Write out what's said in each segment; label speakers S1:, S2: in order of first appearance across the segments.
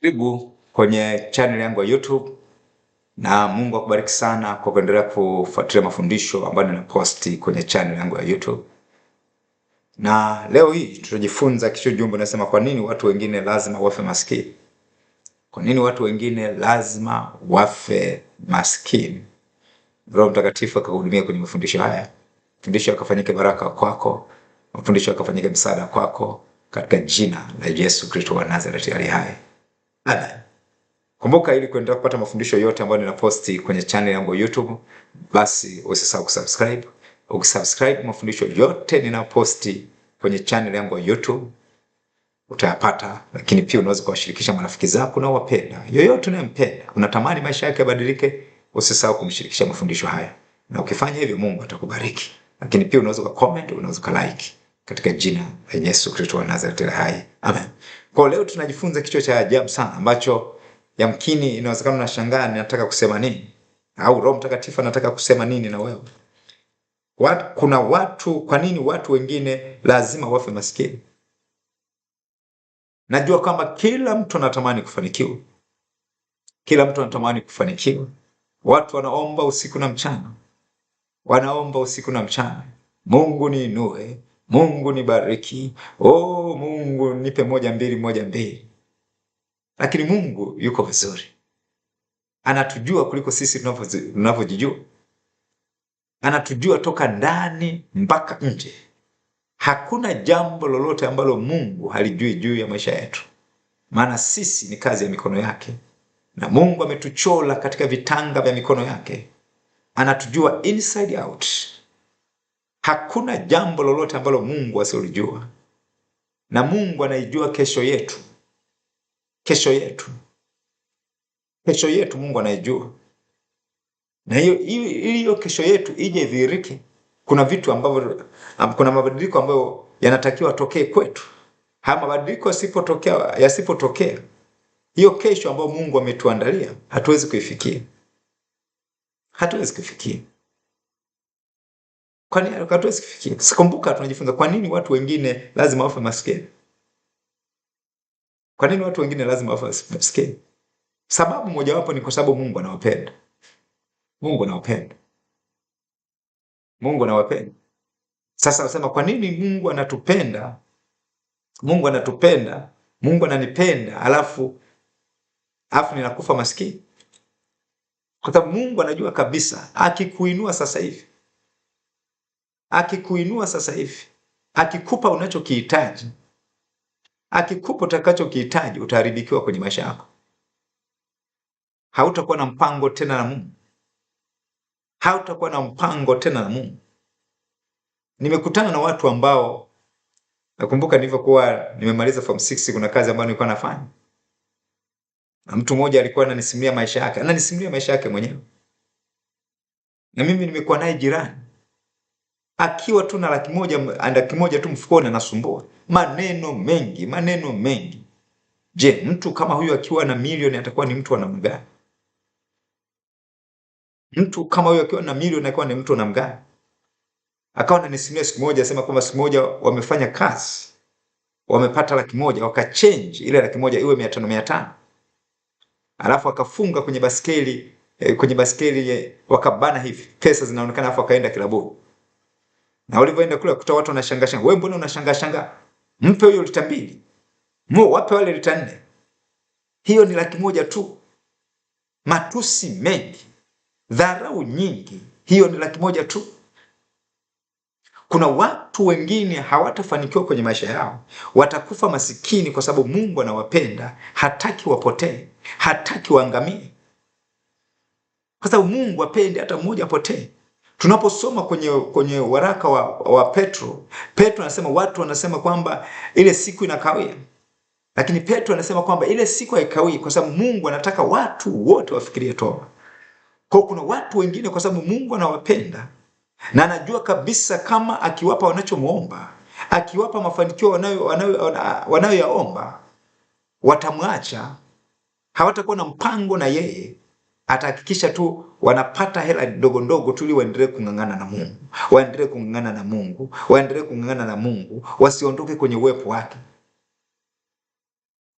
S1: Karibu kwenye channel yangu ya YouTube na Mungu akubariki sana kwa kuendelea kufuatilia mafundisho ambayo ninaposti kwenye channel yangu ya YouTube. Na leo hii tutajifunza kichwa jumbe nasema kwa nini watu wengine lazima wafe maskini? Kwa nini watu wengine lazima wafe maskini? Roho Mtakatifu akakuhudumia kwenye mafundisho haya. Mafundisho yakafanyike baraka kwako, mafundisho yakafanyike msaada kwako katika jina la Yesu Kristo wa Nazareti aliye hai adha. Kumbuka, ili kuendelea kupata mafundisho yote ambayo ninaposti kwenye channel yangu ya YouTube, basi usisahau kusubscribe. Ukisubscribe, mafundisho yote ninaposti kwenye channel yangu ya YouTube utayapata, lakini pia unaweza kuwashirikisha marafiki zako na wapenda yoyote unayempenda, unatamani maisha yake yabadilike, usisahau kumshirikisha mafundisho haya, na ukifanya hivyo Mungu atakubariki. Lakini pia unaweza uka comment, unaweza uka like, katika jina la Yesu Kristo wa Nazareti hai, amen. Kwa leo tunajifunza kichwa cha ajabu sana ambacho yamkini inawezekana unashangaa ninataka kusema nini au Roho Mtakatifu anataka kusema nini na wewe. Wat, kuna watu, kwa nini watu wengine lazima wafe maskini? Najua kwamba kila mtu anatamani kufanikiwa, kila mtu anatamani kufanikiwa. Watu wanaomba usiku na mchana, wanaomba usiku na mchana, Mungu niinue, Mungu nibariki, oh, Mungu nipe moja mbili moja mbili. Lakini Mungu yuko vizuri, anatujua kuliko sisi tunavyojijua, anatujua toka ndani mpaka nje. Hakuna jambo lolote ambalo Mungu halijui juu ya maisha yetu, maana sisi ni kazi ya mikono yake, na Mungu ametuchola katika vitanga vya mikono yake. Anatujua inside out. Hakuna jambo lolote ambalo Mungu asilijua, na Mungu anaijua kesho yetu, kesho yetu, kesho yetu. Mungu anaijua, na hiyo hiyo kesho yetu ije idhihirike, kuna vitu ambavyo, kuna mabadiliko ambayo yanatakiwa tokee kwetu. Haya mabadiliko yasipotokea, yasipotokea hiyo kesho ambayo Mungu ametuandalia, hatuwezi kuifikia, hatuwezi kuifikia kwa nini hatuwezi kufikia. Sikumbuka tunajifunza kwa nini watu wengine lazima wafe maskini? Kwa nini watu wengine lazima wafe maskini? Sababu mojawapo ni kwa sababu Mungu anawapenda. Mungu anawapenda. Mungu anawapenda. Sasa nasema kwa nini Mungu anatupenda? Mungu anatupenda, Mungu ananipenda, alafu alafu ninakufa maskini. Kwa sababu Mungu anajua kabisa akikuinua sasa hivi akikuinua sasa hivi, akikupa unachokihitaji, akikupa utakachokihitaji, utaharibikiwa kwenye maisha yako. Hautakuwa na mpango tena na Mungu, hautakuwa na mpango tena na Mungu. Nimekutana na watu ambao nakumbuka nilivyokuwa nimemaliza form 6 kuna kazi ambayo nilikuwa nafanya na mtu mmoja alikuwa ananisimulia maisha yake, ananisimulia maisha yake mwenyewe, na mimi nimekuwa naye jirani akiwa tu na laki moja laki moja tu mfukoni anasumbua maneno mengi maneno mengi. Je, mtu kama huyo akiwa na milioni atakuwa ni mtu wa namna gani? Mtu kama huyo akiwa na milioni atakuwa ni mtu wa namna gani? Akawa ananisimulia siku moja, asema kwamba siku moja wamefanya kazi wamepata laki moja wakachange ile laki moja iwe mia tano mia tano alafu akafunga kwenye baskeli eh, kwenye baskeli eh, wakabana hivi pesa zinaonekana, alafu akaenda kilabuni. Na walivyoenda kule kuta watu wanashangashanga, wewe mbona unashangashanga? Mpe huyo lita mbili, mu wape wale lita nne, hiyo ni laki moja tu. Matusi mengi, dharau nyingi, hiyo ni laki moja tu. Kuna watu wengine hawatafanikiwa kwenye maisha yao, watakufa masikini, kwa sababu Mungu anawapenda, hataki wapotee, hataki waangamie, kwa sababu Mungu apende hata mmoja apotee. Tunaposoma kwenye, kwenye waraka wa, wa Petro, Petro anasema watu wanasema kwamba ile siku inakawia, lakini Petro anasema kwamba ile siku haikawii, kwa sababu Mungu anataka watu wote wafikirie toba. Kwa kuna watu wengine, kwa sababu Mungu anawapenda na anajua kabisa kama akiwapa wanachomwomba, akiwapa mafanikio wanayoyaomba, watamwacha, hawatakuwa na mpango na yeye atahakikisha tu wanapata hela ndogo ndogo tu ili waendelee kung'ang'ana na Mungu, waendelee kung'ang'ana na Mungu, waendelee kung'ang'ana na Mungu, wasiondoke kwenye uwepo wake.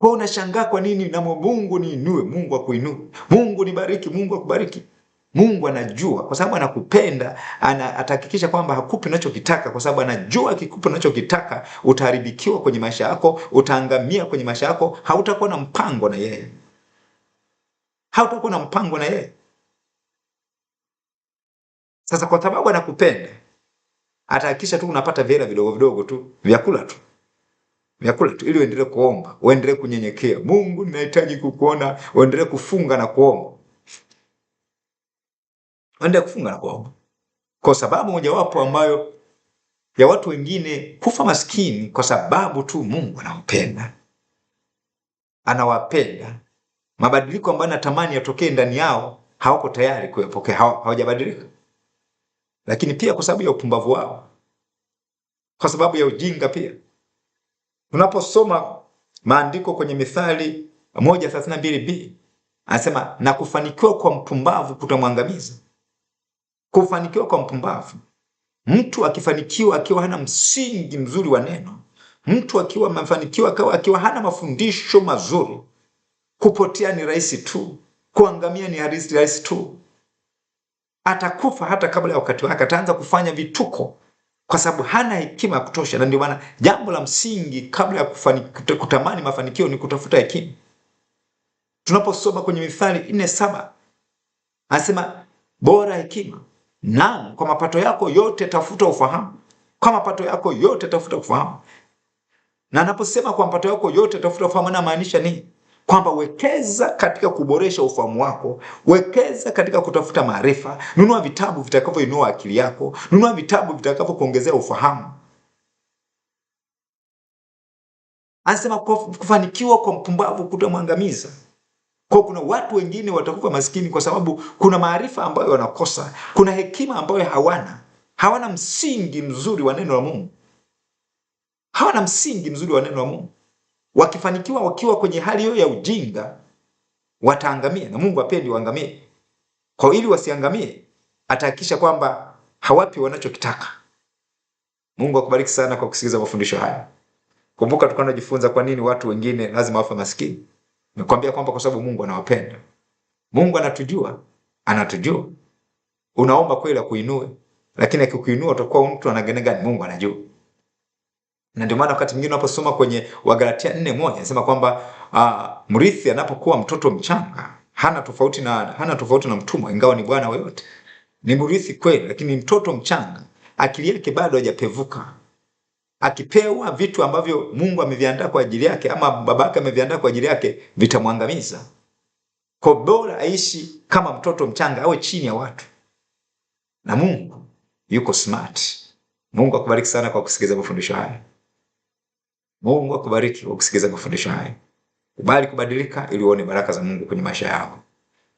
S1: Kwa unashangaa kwa nini na Mungu niinue, Mungu akuinue, Mungu nibariki, Mungu akubariki. Mungu anajua kwa sababu anakupenda, ana, atahakikisha kwamba hakupi unachokitaka kwa sababu anajua akikupa unachokitaka utaharibikiwa kwenye maisha yako, utaangamia kwenye maisha yako, hautakuwa na mpango na yeye hautakuwa na mpango na yeye. Sasa kwa sababu anakupenda, atahakikisha tu unapata vyela vidogo vidogo tu, vyakula tu vyakula tu, ili uendelee kuomba, uendelee kunyenyekea. Mungu, ninahitaji kukuona. Uendelee kufunga na kuomba, uendelee kufunga na kuomba, kwa sababu mojawapo ambayo ya watu wengine kufa maskini kwa sababu tu Mungu anampenda, anawapenda mabadiliko ambayo natamani yatokee ndani yao hawako tayari kuyapokea, hawajabadilika. Lakini pia kwa sababu ya upumbavu wao, kwa sababu ya ujinga pia. Tunaposoma maandiko kwenye Mithali moja thelathini na mbili b anasema, na kufanikiwa kwa mpumbavu kutamwangamiza. Kufanikiwa kwa mpumbavu, mtu akifanikiwa akiwa hana msingi mzuri wa neno, mtu akiwa amefanikiwa akiwa hana mafundisho mazuri Kupotea ni rahisi tu, kuangamia ni harisi rahisi tu. Atakufa hata kabla ya wakati wake, ataanza kufanya vituko kwa sababu hana hekima ya kutosha. Na ndio maana jambo la msingi kabla ya kutamani mafanikio ni kutafuta hekima. Tunaposoma kwenye Mithali nne saba anasema bora hekima, naam, kwa mapato yako yote tafuta ufahamu, kwa mapato yako yote tafuta ufahamu. Na anaposema kwa mapato yako yote tafuta ufahamu, anamaanisha nini? kwamba wekeza katika kuboresha ufahamu wako, wekeza katika kutafuta maarifa, nunua vitabu vitakavyoinua akili yako, nunua vitabu vitakavyokuongezea ufahamu. Anasema kufanikiwa kwa mpumbavu kutamwangamiza. Kwa kuna watu wengine watakufa maskini kwa sababu kuna maarifa ambayo wanakosa, kuna hekima ambayo hawana, hawana msingi mzuri wa neno la Mungu, hawana msingi mzuri wa neno la Mungu wakifanikiwa wakiwa kwenye hali hiyo ya ujinga wataangamia, na Mungu apendi waangamie. Kwa ili wasiangamie, atahakikisha kwamba hawapi wanachokitaka. Mungu akubariki sana kwa kusikiliza mafundisho haya. Kumbuka tulikuwa tunajifunza kwa nini watu wengine lazima wafe maskini. Nimekwambia kwamba kwa sababu Mungu anawapenda, Mungu anatujua, anatujua. Unaomba kweli akuinue, lakini akikuinua utakuwa mtu anagenegani. Mungu anajua na ndio maana wakati mwingine unaposoma kwenye Wagalatia 4:1 moja kwamba uh, mrithi anapokuwa mtoto mchanga hana tofauti na hana tofauti na mtumwa, ingawa ni bwana wote. Ni mrithi kweli, lakini mtoto mchanga, akili yake bado hajapevuka. Akipewa vitu ambavyo Mungu ameviandaa kwa ajili yake ama babake ameviandaa kwa ajili yake, vitamwangamiza. Kwa bora aishi kama mtoto mchanga, awe chini ya watu, na Mungu yuko smart. Mungu akubariki sana kwa kusikiliza mafundisho haya. Mungu akubariki kwa kusikiliza mafundisho haya. Kubali kubadilika ili uone baraka za Mungu kwenye maisha yako.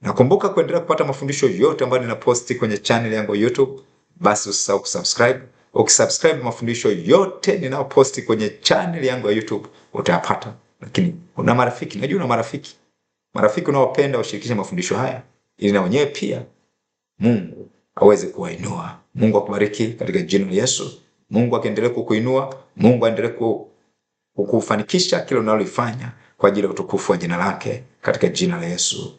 S1: Nakumbuka kuendelea kupata mafundisho yote ambayo ninaposti kwenye channel yangu YouTube, basi usisahau kusubscribe. Ukisubscribe, mafundisho yote ninayoposti kwenye channel yangu ya YouTube utayapata. Lakini una marafiki, najua una marafiki, marafiki unaopenda washirikishe mafundisho haya ili na wenyewe pia Mungu aweze kuwainua. Mungu akubariki katika jina la Yesu. Mungu akiendelea kukuinua, Mungu aendelee ku kwa kile unalolifanya unaloifanya kwa ajili ya utukufu wa jina lake katika jina la Yesu.